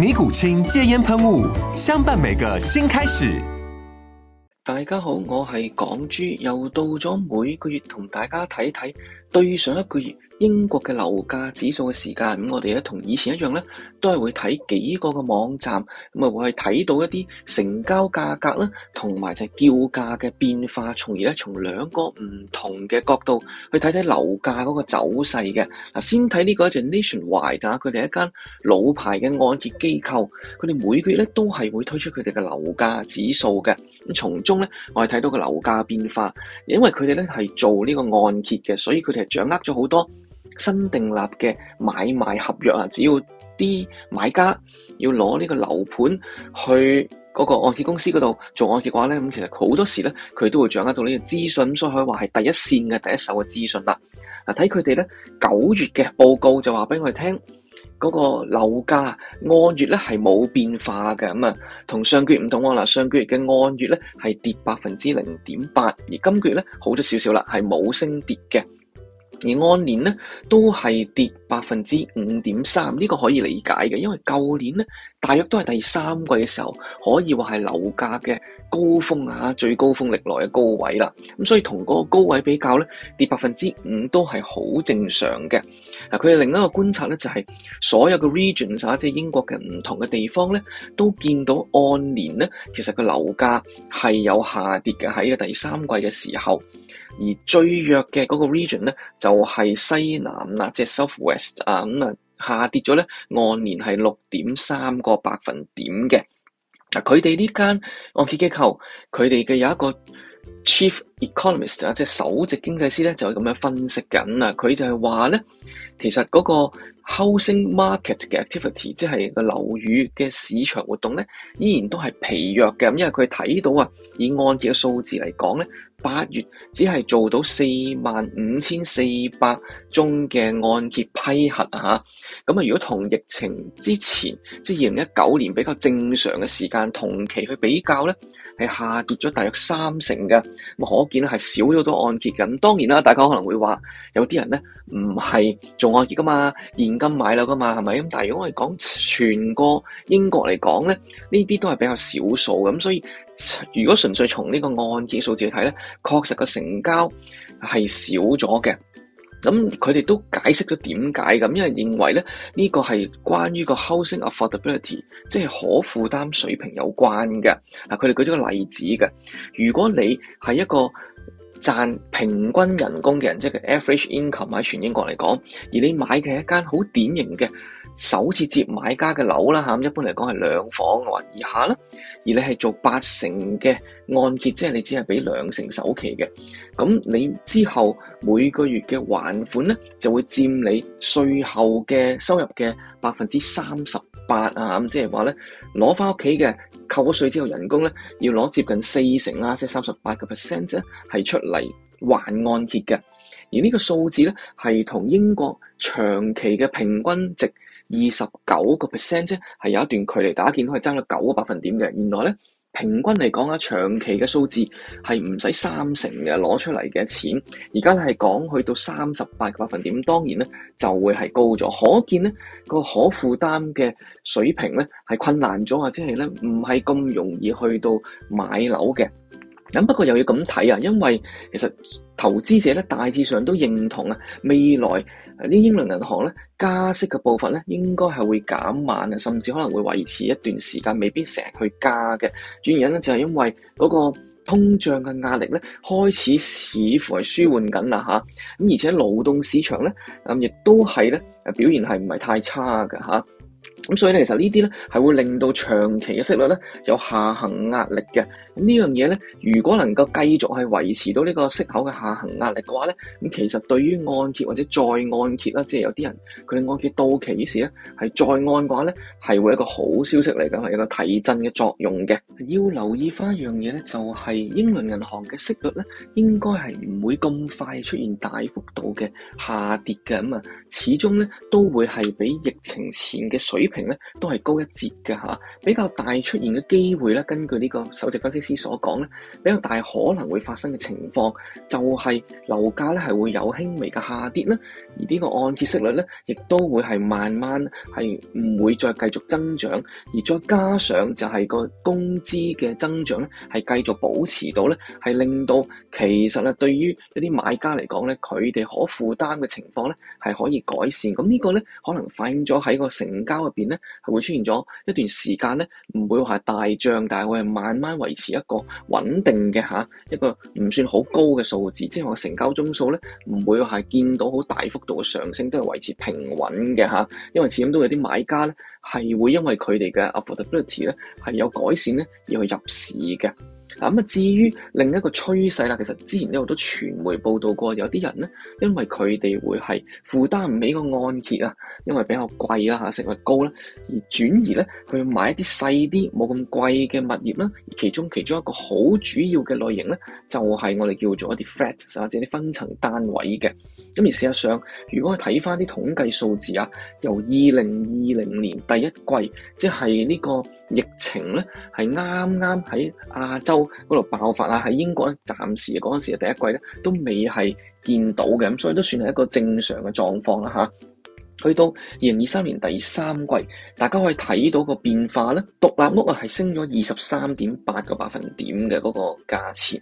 尼古清戒煙噴霧，相伴每個新開始。大家好，我係港豬，又到咗每個月同大家睇睇對上一個月英國嘅樓價指數嘅時間。咁我哋咧同以前一樣咧。都係會睇幾個嘅網站，咁啊會去睇到一啲成交價格啦，同埋就係叫價嘅變化，從而咧從兩個唔同嘅角度去睇睇樓價嗰個走勢嘅嗱。先睇呢個就 Nationwide，佢哋一間老牌嘅按揭機構，佢哋每個月咧都係會推出佢哋嘅樓價指數嘅咁，從中咧我係睇到個樓價變化，因為佢哋咧係做呢個按揭嘅，所以佢哋係掌握咗好多新訂立嘅買賣合約啊，只要，啲買家要攞呢個樓盤去嗰個按揭公司嗰度做按揭嘅話咧，咁其實好多時咧佢都會掌握到呢個資訊，所以可以話係第一線嘅第一手嘅資訊啦。嗱，睇佢哋咧九月嘅報告就話俾我哋聽，嗰個樓價按月咧係冇變化嘅，咁啊同上個月唔同喎，嗱上個月嘅按月咧係跌百分之零點八，而今個月咧好咗少少啦，係冇升跌嘅。而按年咧都係跌百分之五點三，呢個可以理解嘅，因為舊年咧大約都係第三季嘅時候，可以話係樓價嘅高峰啊，最高峰歷來嘅高位啦。咁所以同嗰個高位比較咧，跌百分之五都係好正常嘅。嗱，佢哋另一個觀察咧就係所有嘅 regions 啊，即係英國嘅唔同嘅地方咧，都見到按年咧其實個樓價係有下跌嘅喺個第三季嘅時候。而最弱嘅嗰個 region 咧，就係西南啦，即係 South West 啊，咁啊下跌咗咧，按年係六點三個百分點嘅。嗱、啊，佢哋呢間按揭機構，佢哋嘅有一個 chief economist 啊，即係首席經濟師咧，就咁樣分析緊啊。佢就係話咧，其實嗰個 housing market 嘅 activity，即係個樓宇嘅市場活動咧，依然都係疲弱嘅。咁因為佢睇到啊，以按揭嘅數字嚟講咧。八月只係做到四萬五千四百宗嘅按揭批核啊，咁啊如果同疫情之前，即係二零一九年比較正常嘅時間同期去比較咧，係下跌咗大約三成嘅，咁可見咧係少咗多按揭嘅。咁當然啦，大家可能會話有啲人咧唔係做按揭噶嘛，現金買樓噶嘛，係咪？咁但係如果我哋講全個英國嚟講咧，呢啲都係比較少數。咁所以。如果純粹從呢個案件數字嚟睇咧，確實個成交係少咗嘅。咁佢哋都解釋咗點解咁，因為認為咧呢個係關於個 housing affordability，即係可負擔水平有關嘅。嗱、嗯，佢哋舉咗個例子嘅。如果你係一個賺平均人工嘅人，即係 average income 喺全英國嚟講，而你買嘅一間好典型嘅。首置買家嘅樓啦嚇，一般嚟講係兩房或以下啦。而你係做八成嘅按揭，即係你只係俾兩成首期嘅。咁你之後每個月嘅還款咧，就會佔你稅後嘅收入嘅百分之三十八啊咁，即係話咧攞返屋企嘅扣咗稅之後人工咧，要攞接近四成啦，即係三十八個 percent 咧，係出嚟還按揭嘅。而呢個數字咧，係同英國長期嘅平均值。二十九個 percent 啫，係有一段距離，大家見到係爭咗九個百分點嘅。原來咧，平均嚟講啊，長期嘅數字係唔使三成嘅攞出嚟嘅錢，而家咧係講去到三十八個百分點，當然咧就會係高咗。可見咧個可負擔嘅水平咧係困難咗，或即係咧唔係咁容易去到買樓嘅。咁不過又要咁睇啊，因為其實投資者咧大致上都認同啊，未來呢英倫銀行咧加息嘅步伐咧應該係會減慢啊，甚至可能會維持一段時間，未必成日去加嘅。主要原因咧就係因為嗰個通脹嘅壓力咧開始似乎係舒緩緊啦嚇，咁而且勞動市場咧，咁亦都係咧表現係唔係太差嘅嚇。咁所以咧，其實呢啲咧係會令到長期嘅息率咧有下行壓力嘅。咁呢樣嘢咧，如果能夠繼續係維持到呢個息口嘅下行壓力嘅話咧，咁其實對於按揭或者再按揭啦，即係有啲人佢哋按揭到期時呢，咧係再按嘅話咧，係會一個好消息嚟緊，係一個提振嘅作用嘅。要留意翻一樣嘢咧，就係英倫銀行嘅息率咧應該係唔會咁快出現大幅度嘅下跌嘅咁啊，始終咧都會係比疫情前嘅水。平咧都係高一截嘅吓，比較大出現嘅機會咧，根據呢個首席分析師所講咧，比較大可能會發生嘅情況就係樓價咧係會有輕微嘅下跌啦，而呢個按揭息率咧亦都會係慢慢係唔會再繼續增長，而再加上就係個工資嘅增長咧係繼續保持到咧係令到其實啊對於一啲買家嚟講咧佢哋可負擔嘅情況咧係可以改善，咁呢個咧可能反映咗喺個成交入面。咧，係會出現咗一段時間咧，唔會話係大漲，但係佢係慢慢維持一個穩定嘅嚇，一個唔算好高嘅數字，即係話成交宗數咧，唔會話係見到好大幅度嘅上升，都係維持平穩嘅嚇，因為始終都有啲買家咧係會因為佢哋嘅 affordability 咧係有改善咧而去入市嘅。嗱，咁啊至於另一個趨勢啦，其實之前呢都有傳媒報道過，有啲人咧因為佢哋會係負擔唔起個按揭啊，因為比較貴啦嚇，成本高啦，而轉移咧去買一啲細啲、冇咁貴嘅物業啦。而其中其中一個好主要嘅類型咧，就係我哋叫做一啲 flat 啊，即係啲分層單位嘅。咁而事實上，如果我睇翻啲統計數字啊，由二零二零年第一季，即係呢個。疫情咧係啱啱喺亞洲嗰度爆發啦，喺英國咧暫時嗰陣時嘅第一季咧都未係見到嘅，咁所以都算係一個正常嘅狀況啦嚇。去到二零二三年第三季，大家可以睇到個變化咧。獨立屋啊係升咗二十三點八個百分點嘅個價錢，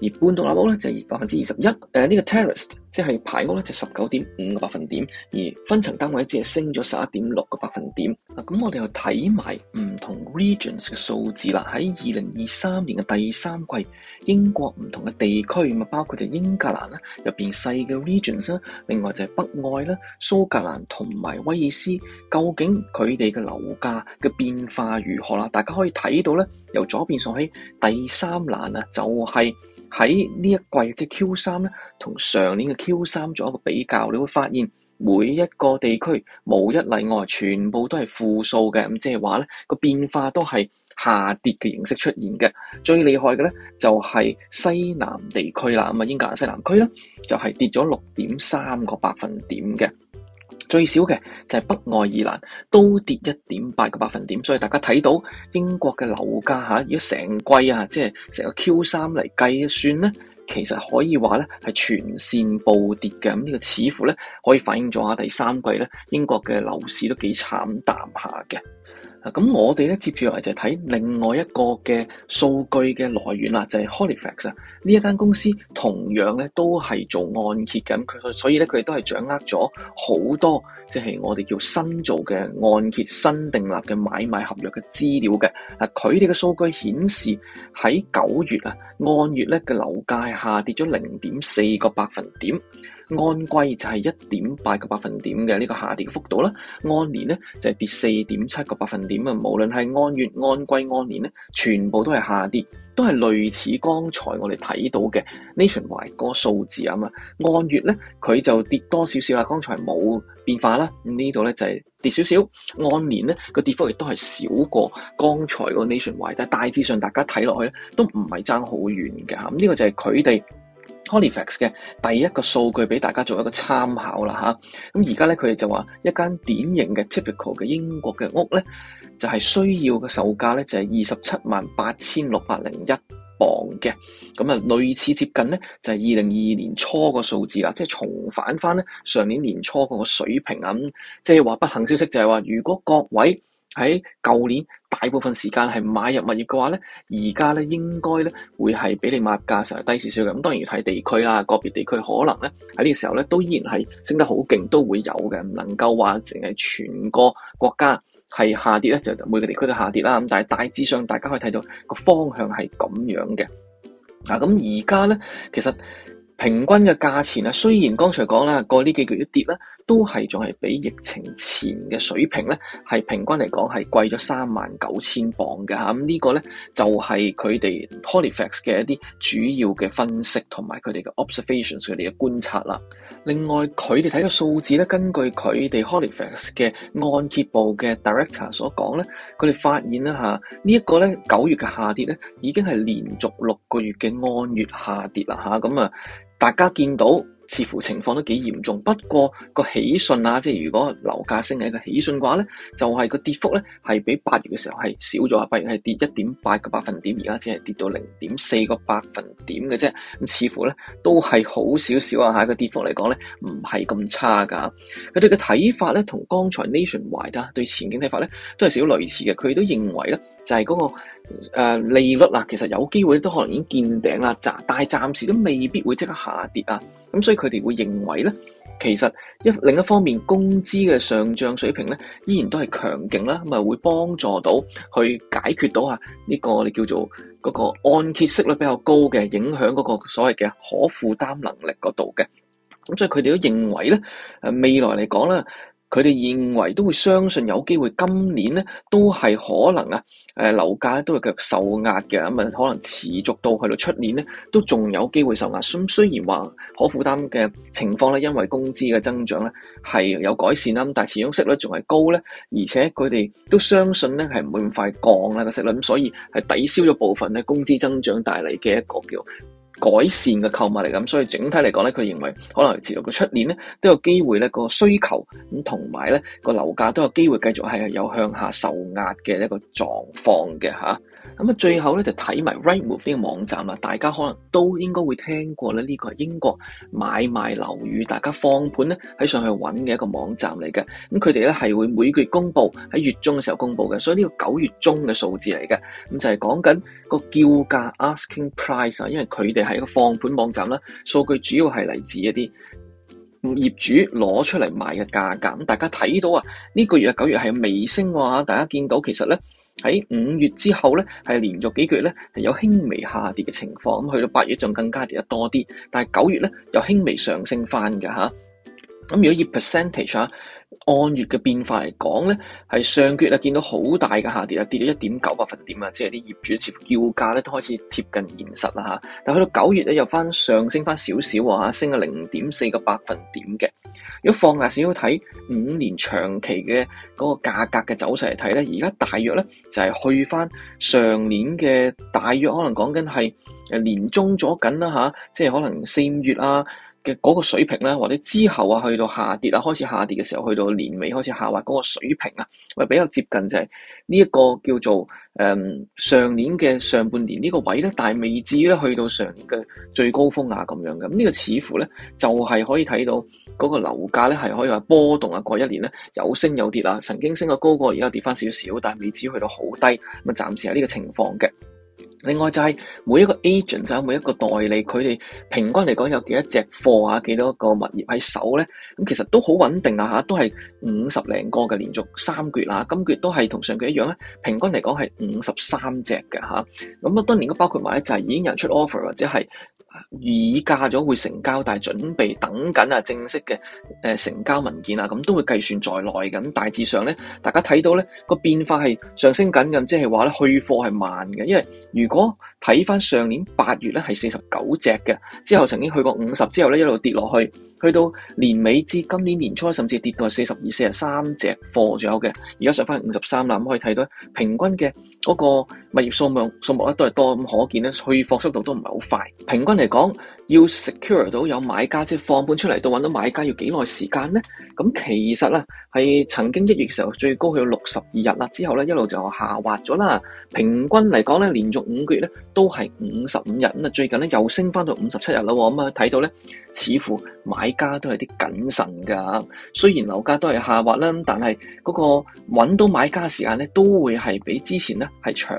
而半獨立屋咧就係百分之二十一。誒、呃、呢、這個 terrace 即係排屋咧就十九點五個百分點，而分層單位只係升咗十一點六個百分點啊，咁我哋又睇埋唔同 regions 嘅數字啦。喺二零二三年嘅第三季，英國唔同嘅地區啊，包括就英格蘭啦，入邊細嘅 regions 啦，另外就係北愛啦、蘇格蘭，同埋威爾斯，究竟佢哋嘅樓價嘅變化如何啦？大家可以睇到咧，由左邊上起第三欄啊，就係喺呢一季即係、就是、Q 三咧，同上年嘅 Q 三做一個比較，你會發現每一個地區無一例外，全部都係負數嘅。咁即係話咧，個變化都係下跌嘅形式出現嘅。最厲害嘅咧，就係西南地區啦。咁啊，英格蘭西南區咧，就係跌咗六點三個百分點嘅。最少嘅就係北愛爾蘭都跌一點八個百分點，所以大家睇到英國嘅樓價嚇，如果成季啊，即係成個 Q 三嚟計算咧，其實可以話咧係全線暴跌嘅。咁呢個似乎咧可以反映咗下第三季咧英國嘅樓市都幾慘淡下嘅。咁我哋咧接住落嚟就睇另外一個嘅數據嘅來源啦，就係 Halifax 啊，呢一間公司同樣咧都係做按揭嘅，咁佢所以咧佢哋都係掌握咗好多即係我哋叫做新做嘅按揭、新訂立嘅買賣合約嘅資料嘅。佢哋嘅數據顯示喺九月啊，按月咧嘅樓價下跌咗零點四個百分點。按季就係一點八個百分點嘅呢個下跌嘅幅度啦，按年咧就係、是、跌四點七個百分點啊！無論係按月、按季、按年咧，全部都係下跌，都係類似剛才我哋睇到嘅 Nationwide 個數字啊嘛。按、嗯、月咧佢就跌多少少啦，剛才冇變化啦，這裡呢度咧就係、是、跌少少。按年咧個跌幅亦都係少過剛才個 Nationwide，但係大致上大家睇落去咧都唔係爭好遠嘅嚇。呢、嗯這個就係佢哋。Halifax 嘅第一個數據俾大家做一個參考啦嚇，咁而家咧佢哋就話一間典型嘅 typical 嘅英國嘅屋咧，就係需要嘅售價咧就係二十七萬八千六百零一磅嘅，咁啊類似接近咧就係二零二二年初個數字啦，即係重返翻咧上年年初嗰個水平啊，即係話不幸消息就係話如果各位。喺舊年大部分時間係買入物業嘅話咧，而家咧應該咧會係比你買入價稍微低少少嘅。咁當然要睇地區啦，個別地區可能咧喺呢個時候咧都依然係升得好勁，都會有嘅。唔能夠話淨係全個國家係下跌咧，就每個地區都下跌啦。咁但係大致上大家可以睇到個方向係咁樣嘅。嗱、啊，咁而家咧其實。平均嘅價錢啊，雖然剛才講啦，過呢幾個月一跌啦，都係仲係比疫情前嘅水平咧，係平均嚟講係貴咗三萬九千磅嘅嚇。咁呢個咧就係佢哋 Halifax 嘅一啲主要嘅分析同埋佢哋嘅 observations，佢哋嘅觀察啦。另外佢哋睇個數字咧，根據佢哋 Halifax 嘅按揭部嘅 director 所講咧，佢哋發現啦嚇，這個、呢一個咧九月嘅下跌咧已經係連續六個月嘅按月下跌啦嚇。咁啊～大家見到似乎情況都幾嚴重，不過個喜訊啊，即係如果樓價升嘅一個喜訊嘅話咧，就係個跌幅咧係比八月嘅時候係少咗，八月係跌一點八個百分點，而家只係跌到零點四個百分點嘅啫。咁似乎咧都係好少少啊吓，個跌幅嚟講咧唔係咁差㗎。佢哋嘅睇法咧同剛才 Nationwide 對前景睇法咧都係少類似嘅，佢都認為咧就係嗰個。誒，利率啊，其實有機會都可能已經見頂啦，暫，但係暫時都未必會即刻下跌啊。咁所以佢哋會認為咧，其實一另一方面，工資嘅上漲水平咧，依然都係強勁啦。咁啊，會幫助到去解決到啊、這、呢個我哋叫做嗰個按揭息率比較高嘅影響，嗰個所謂嘅可負擔能力嗰度嘅。咁所以佢哋都認為咧，誒未來嚟講咧。佢哋認為都會相信有機會，今年咧都係可能啊，誒樓價咧都會繼續受壓嘅，咁啊可能持續到去到出年咧都仲有機會受壓。咁雖然話可負擔嘅情況咧，因為工資嘅增長咧係有改善啦，但係始終息率仲係高咧，而且佢哋都相信咧係唔會咁快降啦個息率，咁所以係抵消咗部分咧工資增長帶嚟嘅一個叫，改善嘅購物嚟咁，所以整體嚟講咧，佢認為可能持續嘅出年咧都有機會咧個需求咁同埋咧個樓價都有機會繼續係有向下受壓嘅一個狀況嘅嚇咁啊，最後咧就睇埋 Rightmove 呢個網站啦，大家可能都應該會聽過咧，呢個係英國買賣樓宇大家放盤咧喺上去揾嘅一個網站嚟嘅。咁佢哋咧係會每個月公佈喺月中嘅時候公佈嘅，所以呢個九月中嘅數字嚟嘅。咁就係講緊個叫價 asking price 啊，因為佢哋係一個放盤網站啦，數據主要係嚟自一啲業主攞出嚟賣嘅價格。咁大家睇到啊，呢個月啊九月係微升喎，大家見到其實咧。喺五月之後咧，係連續幾個月咧係有輕微下跌嘅情況，咁去到八月仲更加跌得多啲，但係九月咧又輕微上升翻嘅嚇。咁如果以 percentage 嚇。按月嘅變化嚟講咧，係上個月啊見到好大嘅下跌啊，跌咗一點九百分點啊，即係啲業主似乎叫價咧都開始貼近現實啦嚇。但去到九月咧，又翻上升翻少少嚇，升咗零點四個百分點嘅。如果放大少少睇五年長期嘅嗰個價格嘅走勢嚟睇咧，而家大約咧就係去翻上年嘅大約，可能講緊係誒年中咗緊啦嚇，即係可能四五月啊，嘅嗰個水平咧，或者之後啊，去到下跌啊，開始下跌嘅時候，去到年尾開始下滑嗰個水平啊，會比較接近就係呢一個叫做誒、呃、上年嘅上半年呢個位咧，但係未至於去到上年嘅最高峰啊咁樣嘅。咁、這、呢個似乎咧就係、是、可以睇到嗰個樓價咧係可以話波動啊，過一年咧有升有跌啊，曾經升過高過，而家跌翻少少，但係未至於去到好低。咁啊，暫時係呢個情況嘅。另外就係每一個 agent 就係，每一個代理，佢哋平均嚟講有幾多隻貨啊，幾多個物業喺手咧？咁其實都好穩定啦，嚇，都係五十零個嘅，連續三月啦，今月都係同上月一樣咧，平均嚟講係五十三隻嘅嚇。咁啊，當然都包括埋咧，就係已經有人出 offer 或者係。已嫁咗會成交，但係準備等緊啊正式嘅，誒、呃、成交文件啊，咁都會計算在內咁。大致上咧，大家睇到咧個變化係上升緊嘅，即係話咧去貨係慢嘅，因為如果睇翻上年八月咧係四十九隻嘅，之後曾經去過五十，之後咧一路跌落去，去到年尾至今年年初，甚至跌到係四十二、四十三隻貨左右嘅，而家上翻係五十三啦。咁可以睇到平均嘅嗰、那個。物業數量數目咧都係多咁，可見咧去貨速度都唔係好快。平均嚟講，要 secure 到有買家，即係放盤出嚟到搵到買家要幾耐時間咧？咁其實呢，係曾經一月嘅時候最高去到六十二日啦，之後咧一路就下滑咗啦。平均嚟講咧，連續五個月咧都係五十五日咁啊，最近咧又升翻到五十七日啦喎，咁啊睇到咧，似乎買家都係啲謹慎噶。雖然樓價都係下滑啦，但係嗰個搵到買家嘅時間咧都會係比之前咧係長。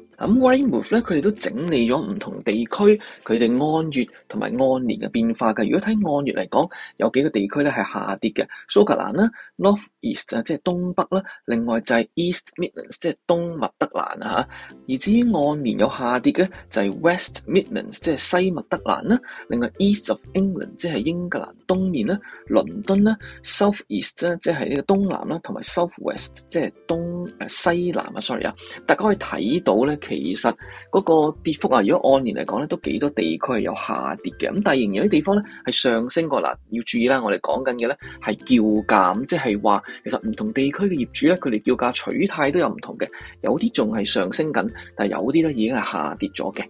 咁 Rightmove 咧，佢哋都整理咗唔同地區佢哋按月同埋按年嘅變化嘅。如果睇按月嚟講，有幾個地區咧係下跌嘅，蘇格蘭啦、North East 啊，即係東北啦，另外就係 East Midlands 即係東麥德蘭啊嚇。而至於按年有下跌嘅就係、是、West Midlands 即係西麥德蘭啦，另外 East of England 即係英格蘭東面啦、倫敦啦、South East 即係呢個東南啦，同埋 South West 即係東誒、啊、西南啊，sorry 啊，大家可以睇到咧。其實嗰個跌幅啊，如果按年嚟講咧，都幾多地區係有下跌嘅，咁但係仍然有啲地方咧係上升過。嗱，要注意啦，我哋講緊嘅咧係叫價，即係話其實唔同地區嘅業主咧，佢哋叫價取態都有唔同嘅，有啲仲係上升緊，但係有啲咧已經係下跌咗嘅。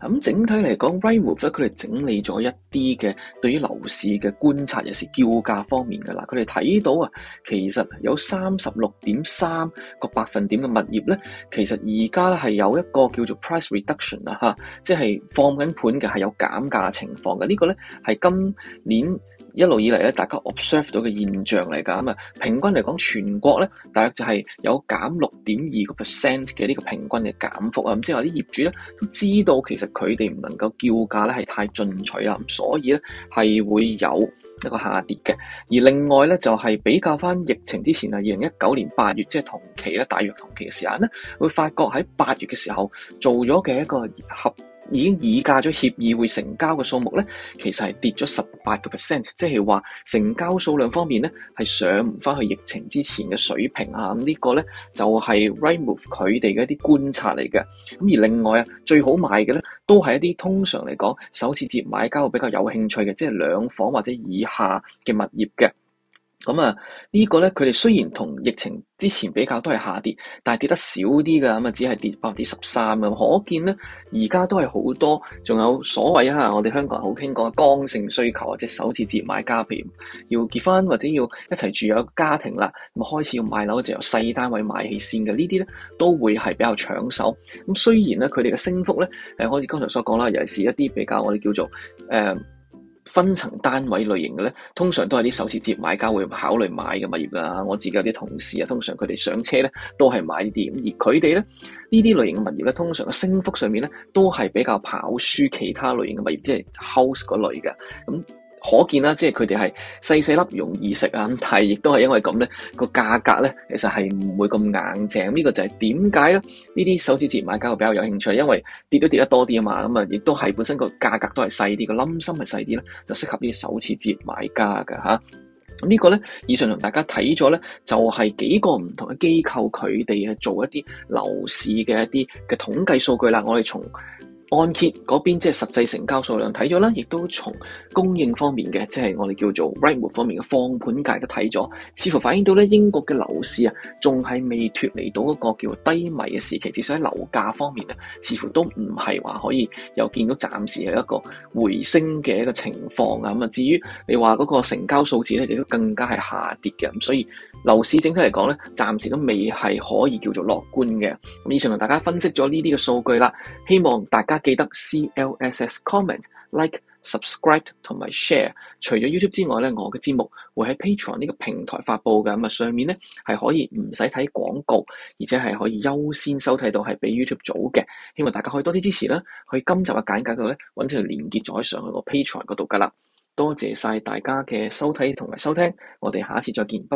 咁整體嚟講，Rightmove 咧佢哋整理咗一啲嘅對於樓市嘅觀察，又是叫價方面嘅啦。佢哋睇到啊，其實有三十六點三個百分點嘅物業咧，其實而家咧係有一個叫做 price reduction 啊，即係放緊盤嘅係有減價情況嘅。這個、呢個咧係今年。一路以嚟咧，大家 observe 到嘅現象嚟㗎。咁啊，平均嚟講全國咧，大約就係有減六點二個 percent 嘅呢個平均嘅減幅啊，咁即係話啲業主咧都知道其實佢哋唔能夠叫價咧係太進取啦，咁所以咧係會有一個下跌嘅。而另外咧就係、是、比較翻疫情之前啊，二零一九年八月即係、就是、同期咧，大約同期嘅時間咧，會發覺喺八月嘅時候做咗嘅一個合。已經議價咗協議會成交嘅數目咧，其實係跌咗十八個 percent，即係話成交數量方面咧係上唔翻去疫情之前嘅水平啊！咁、這個、呢個咧就係 Rightmove 佢哋嘅一啲觀察嚟嘅。咁而另外啊，最好賣嘅咧都係一啲通常嚟講首次接買家會比較有興趣嘅，即係兩房或者以下嘅物業嘅。咁啊，這個、呢個咧，佢哋雖然同疫情之前比較都係下跌，但係跌得少啲㗎，咁啊只係跌百分之十三嘅，可見咧，而家都係好多，仲有所謂啊，我哋香港人好傾講嘅剛性需求或即係首次接買家要結婚或者要一齊住有家庭啦，咁啊開始要買樓就由細單位買起先嘅，呢啲咧都會係比較搶手。咁雖然咧，佢哋嘅升幅咧，誒，好似剛才所講啦，尤其係一啲比較我哋叫做、呃分層單位類型嘅咧，通常都係啲首置買家會考慮買嘅物業啦。我自己有啲同事啊，通常佢哋上車咧都係買呢啲，咁而佢哋咧呢啲類型嘅物業咧，通常嘅升幅上面咧都係比較跑輸其他類型嘅物業，即係 house 嗰類嘅咁。嗯可見啦，即係佢哋係細細粒容易食啊，但係亦都係因為咁咧，個價格咧其實係唔會咁硬淨。呢、這個就係點解咧？呢啲首次接買家會比較有興趣，因為跌都跌得多啲啊嘛。咁啊，亦都係本身個價格都係細啲，個冧心係細啲咧，就適合呢啲首次接買家噶吓，咁、這個、呢個咧，以上同大家睇咗咧，就係、是、幾個唔同嘅機構佢哋去做一啲樓市嘅一啲嘅統計數據啦。我哋從按揭嗰邊即係實際成交數量睇咗啦，亦都從供應方面嘅，即係我哋叫做 Rightmove 方面嘅放盤界都睇咗，似乎反映到咧英國嘅樓市啊，仲係未脫離到嗰個叫低迷嘅時期，至少喺樓價方面啊，似乎都唔係話可以又見到暫時係一個回升嘅一個情況啊。咁啊，至於你話嗰個成交數字咧，亦都更加係下跌嘅，咁所以樓市整體嚟講咧，暫時都未係可以叫做樂觀嘅。咁以上同大家分析咗呢啲嘅數據啦，希望大家。大家記得 CLSS comment like subscribe 同埋 share。除咗 YouTube 之外咧，我嘅節目會喺 Patreon 呢個平台發布嘅。咁啊上面咧係可以唔使睇廣告，而且係可以優先收睇到係比 YouTube 早嘅。希望大家可以多啲支持啦。喺今集嘅簡介度咧揾條連結咗上去我 Patreon 度噶啦。多謝晒大家嘅收睇同埋收聽，我哋下次再見，拜拜。